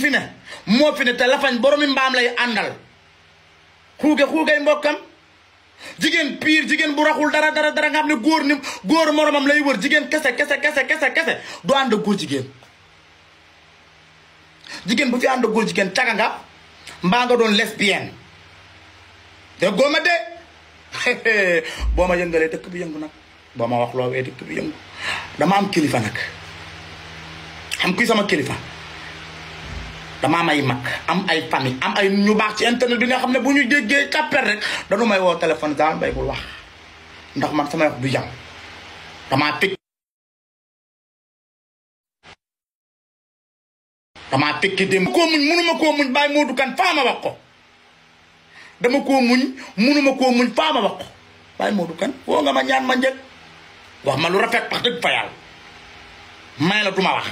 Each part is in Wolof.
fi ne moo fi ne te lafañ boromi mbaam lay àndal xuuge xuugay mbokkam jigéen piir jigéen bu raxul dara dara dara nga xam ne góor ni góor moromam lay wër jigéen kese kese kese kese kese du ànd a góor jigéen jigéen bu fi ànd ak góor jigéen caga nga mbaa nga doon lesbienne te ma de boo ma yëngalee dëkk bi yëngu nag boo ma wax loo wee dëkk bi yëngu dama am kilifa nag xam kuy sama kilifa dama may mak am ay fami am ay ñu baax ci internet bi nga xamne ne bu ñu déggee càppel rek dañu may wo téléphone daal bay bu wax ndax man sama wax du jam dama tik, dama tik dem ko muñ mënuma ko muñ bay modou kan fama wax ko dama ko muñ mënuma ko muñ fama wax ko bay modou kan wo nga ma ñaan ma ñek wax ma lu rafet tax deug fayal may la duma wax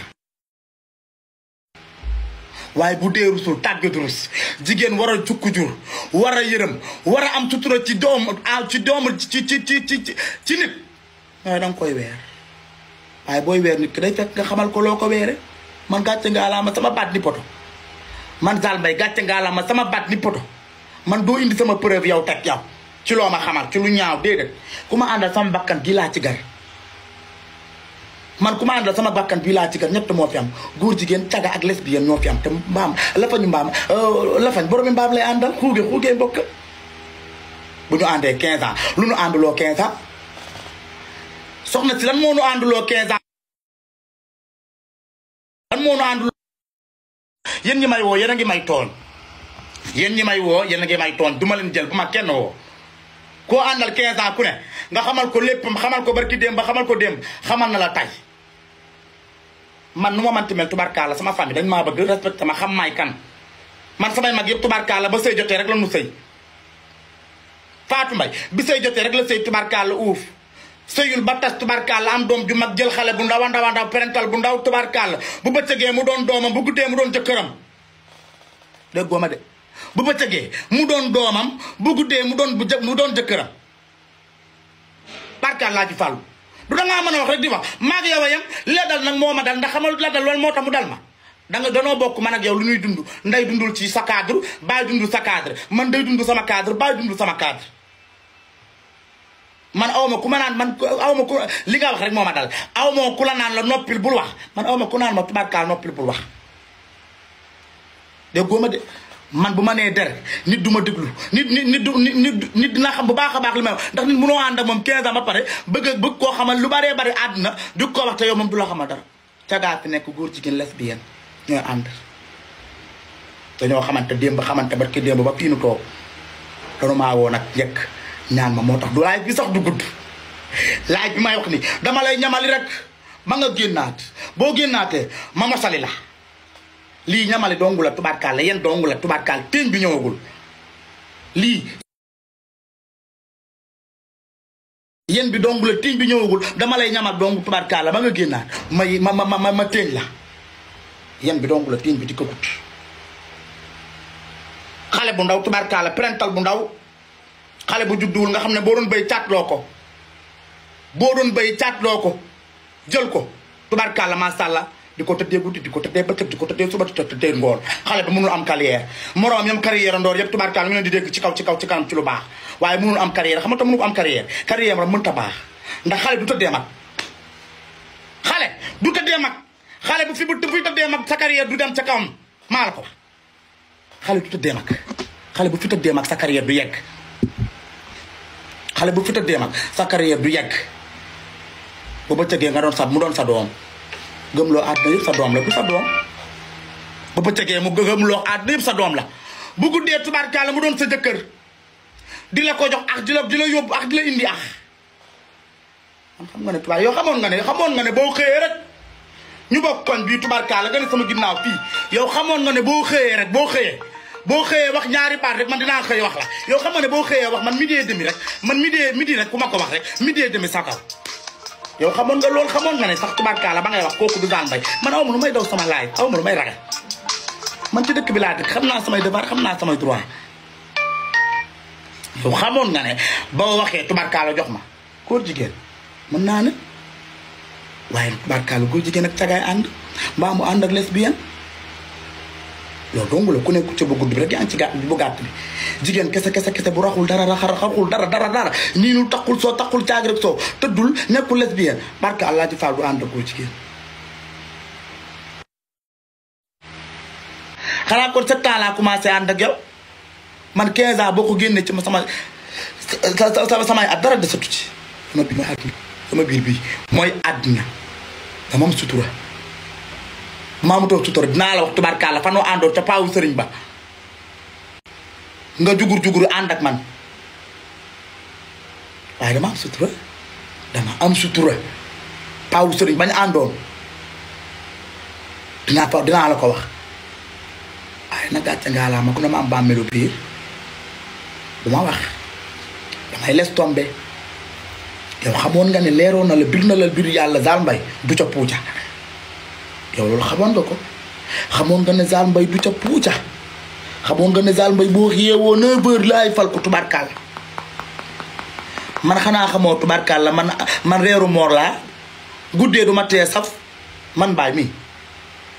waaye bu dee rusul tàggatu rus jigéen war a jukku jur war a yërëm war a am sutura ci doom ah ci doom ci ci ci ci ci nit waaye danga koy weer waaye booy weer nit ki day fekk nga xamal ko loo ko weere man gàcce nga alaama ma baat ni poto man Zale Mbaye gàcce nga alaama sama baat ni poto man doo indi sama preuve yow teg yow ci loo ma xamal ci lu ñaaw déedéet ku ma àndal sama bakkan gi laa ci gar man ku ma àndal sama bàkkan bii laa tigal ñett moo fi am góor jigéen caga ak lesbienne ñoo fi am te mbaam lafañu mbaam euh, lafañ boroomi mbaam lay àndal xuuge xuuge mbokk bu ñu àndee 15 ans lu ñu ànduloo 15 soxna si lan moo ñu ànduloo 15 ans lan moo ñu ànduloo ñi may woo yen a ngi may tooñ yéen ñi may woo yéen a ngi may tooñ duma leen jël bu ma kenn koo àndal 15 ans ku ne nga xamal ko lépp xamal ko barki démb ba xamal ko démb xamal na la tay man nu ma manti mel tubarkaala sama famille dañ maa bëgg respecté ma xam maay kan man samay mag yëpp la ba sëy jotee rek la nu sëy Fatou bi sëy jotee rek la sëy tubarkaala uuf sëyul ba tas la am doom ju mag jël xale bu ndaw a ndaw a ndaw parental bu ndaw tubarkaala bu bëccëgee doon doomam bu guddee mu doon jëkkëram déggoo ma de bëccëgee mu doon doomam bu guddee mu doon bu mu doon jëkkëram barkaal laa ji fàllu du dangaa mën a wax rek di wax maag yow a dal nag moo ma dal ndax xamal la dal loolu moo tax mu dal ma da danoo bokk man a yow lu ñuy dund nday dundul ci sa cadre baay dundul sa cadre man day dund sama cadre baay dundul sama cadre man aw ku ma naan man aw ma ku li nga wax rek moo ma dal aw ma ku la naan la noppil bu wax man aw ma ku naan ma tubaab kaa noppil bul wax de góoma de man bu ma der nit duma deglu nit nit nit nit dina xam bu baax baax limay wax ndax nit mënoo and ak 15 ans ba pare bëgg a bëgg ko xamal lu baree bari adna du ko wax te yow du la xamal dara ca da fi nekk góor jigéen lesbienne ñu and dañu xamanté demb xamanté ba ki ba fiñu ko toog ma wo nak yek ñaan ma motax du lay bi sax du gudd lay bi may wax ni dama lay ñamali rek ma nga gennat bo gennaté mama salila lii ñamale dongu la tubaarkaal la yéen dongu la tubaarkaal téeñ bi ñëwagul lii yéen bi dongu la téeñ ñëwagul dama lay ñamal dongu ba nga génnaat may ma ma ma ma téeñ la yéen bi dongu la téeñ bi di ko gut xale bu ndaw tubaarkaal la prental bu ndaw xale bu judduwul nga xam ne boo doon béy caatloo ko boo doon béy caatloo ko jël ko tubaarkaal la maasàllaa di ko tëddee guddi di ko tëddee bëccëg di ko tëddee suba di ko tëddee ngoon xale bi mënul am carrière ya. morom yam carrière ndor yëpp tubaarkaal ñu di dégg ci kaw ci kaw ci kanam ci lu baax waye mënul am carrière xam nga mënu am carrière carrière mën ta baax ndax xale du tedde mak xale du tedde mak xale bu fi bu fi tedde mak sa carrière du dem ci kawam mal ko xale du tedde mak xale bu fi tedde mak sa carrière du yegg xale bu fi tedde mak sa carrière du yegg bu bëccëgee nga don sa mu don sa doom gëmloo àddina yëpp sa doom la du sa doom bu bëccëgee mu gëmloo àddina yëpp sa doom la bu guddee tubaarkaala mu doon sa jëkkër di la ko jox ak di la yóbbu ak di la indi ak man xam nga ne tubaar yow xamoon nga ne xamoon nga ne boo xëyee rek ñu bokk koñ bii tubaarkaala nga ne sama ginnaaw fii yow xamoon nga ne boo xëyee rek boo xëyee boo xëyee wax ñaari baat rek man dinaa xëy wax la yow xam nga ne boo xëyee wax man midi et demi rek man midi midi rek ku ma ko wax rek midi et demi sa kaw yow xamoon nga loolu xamoon nga ne sax tubaarkaala ba ngay wax kooku du daan bay man a ma lu may daw sama laay aw ma lu may ragal man ci dëkk bi laa dëkk xam naa samay devoir xam naa samay droit yow xamoon nga ne boo waxee tubaarkaala jox ma góor jigéen mën naa ne waaye tubaarkaala góor jigéen ak cagaay ànd mbaa mu ànd ak lesbienne loolu dong la ku nekk ci bu gudd bi rek yaa ngi ci gàtt bu gàtt bi jigéen kese kese kese bu raxul dara raxar raxul dara dara dara nii nu soo taxul caag rek soo tëddul nekkul lesbien barke allah ci faal du ànd ko jigéen xanaa kon sept laa commencé ànd ak yow man 15 ans boo ko génnee ci ma sama samay at dara desatu ci sama biir mooy àddina sama biir bi mooy àddina sutura Maamutoo sutura dinaa wax tubarkalla fanoo àndoon ca paawu sëriñ ba nga jugur jugur ànd ak man waaye dama am sutura dama sëriñ bañ àndoon dinaa dinaa la ko wax waaye nag gàcce ngaa laa ma ku ne ma am bàmmeelu biir du ma wax damay les tombe yow xamoon nga ne leeroon na la bir na la biir yàlla daal mbay du ca puuca yow loolu xamoon nga ko xamoon nga ne Zale mbay du ca puuca xamoon nga ne Zale mbay boo xëyewoo neuf heures laay fal ko tubarkaal man xanaa xamoo tubarkaal la man man reeru moor laa guddee du ma tee man baay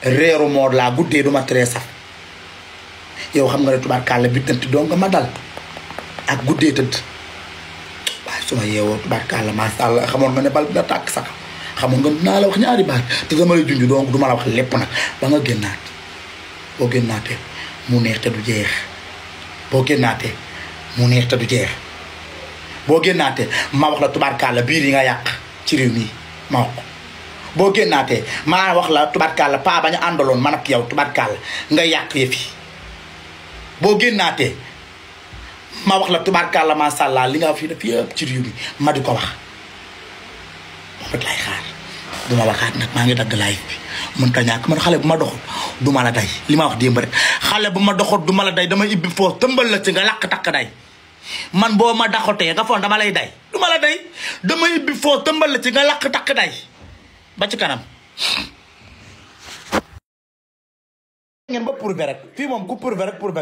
reeru moor laa guddee du ma tee yow xam nga ne tubarkaal la bi tënt doo nga ma dal ak guddee tënt waaye su yeewoo tubarkaal la maa sàll xamoon nga ne bal dina tàkk sax xam nga naa la wax ñaari baat te dama lay junj donc duma la wax lepp nag ba nga gennat bo génnaatee mu neex te du jeex bo génnaatee mu neex te du jeex bo génnaatee ma wax la la biir yi nga yaq ci rew mi ma wax bo boo ma wax la tubaarkàlla paa bañ a man ak yow la nga yaq ye fi bo génnaatee ma wax la la ma sala li nga fi def yëpp ci rew mi ma di ko wax ma it xaar duma ma waxaat nag maa ngi dagg lay bi mën ta ñàkk man xale bu ma doxut duma la day li ma wax démb rek xale bu ma doxut duma la day dama ibbi foofu tëmbal la ci nga lakk takk day man boo ma daxotee nga foon dama lay day du la day dama ibbi foofu tëmbal la ci nga lakk takk day ba ci kanam ngeen ba pour be fi mom ku pour be pour be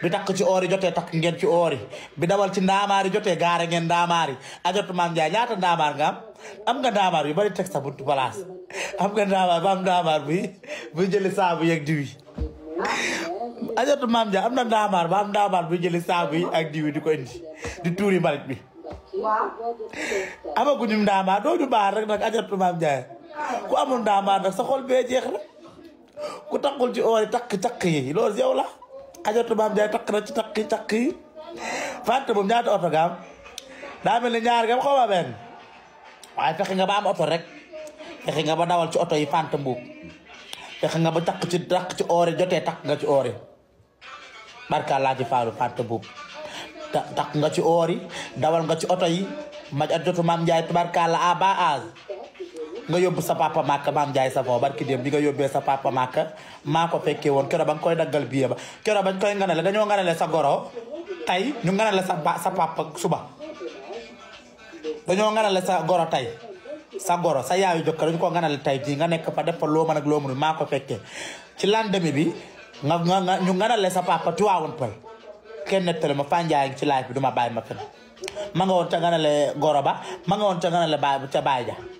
bi tak ci ori jotee tak ngeen ci ori bi dawal ci ndaamaari jotee gaare ngeen ndaamaari ajot mam Njaay ñaata ndamar nga am am nga ndamar yu bari damari, sa buntu place am nga ndamar ba am ndamar bi bu sa bu yek diwi ajot mam Njaay am na ndamar ba am ndamar bu jëli sa bu ak diwi di indi di touri mbalit bi ñum ndamar do du bar rek nak ajot mam Njaay ku amul ndamar nak sa xol be jeex rek ku takul ci oori tak tak yi loolu yow la ajatu bam day tak na ci tak tak yi fàtte bam ñaata auto gam da melni ñaar gam xaw ben way waaye nga ba am auto rek fexe nga ba dawal ci auto yi fante mbuk fexe nga ba tak ci takk ci oori yi tak nga ci oori barka la ci faalu mbuk tak nga ci oori dawal nga ci auto yi maj at mam jaay njaay a ba az nga yóbbu sa papa màkk maam jaay sa foo barki dem bi nga yóbbee sa papa màkk maa ko fekkee woon keroog ba nga koy daggal biye ba keroog bañ koy nganale dañoo nganale sa goro tey ñu nganale sa sa papa suba dañoo nganale sa goro tey sa goro sa yaayu jëkkër dañu ko nganale tey jii nga nekk fa def fa loo mën ak loo mënul maa ko fekkee ci lendemain bi nga nga ñu nganale sa papa tuwaawoon pël kenn nettali ma fànjaay ci laaj bi duma bàyyi ma fen ma nga woon ca nganale goro ba ma nga woon ca nganale baay ca baay ja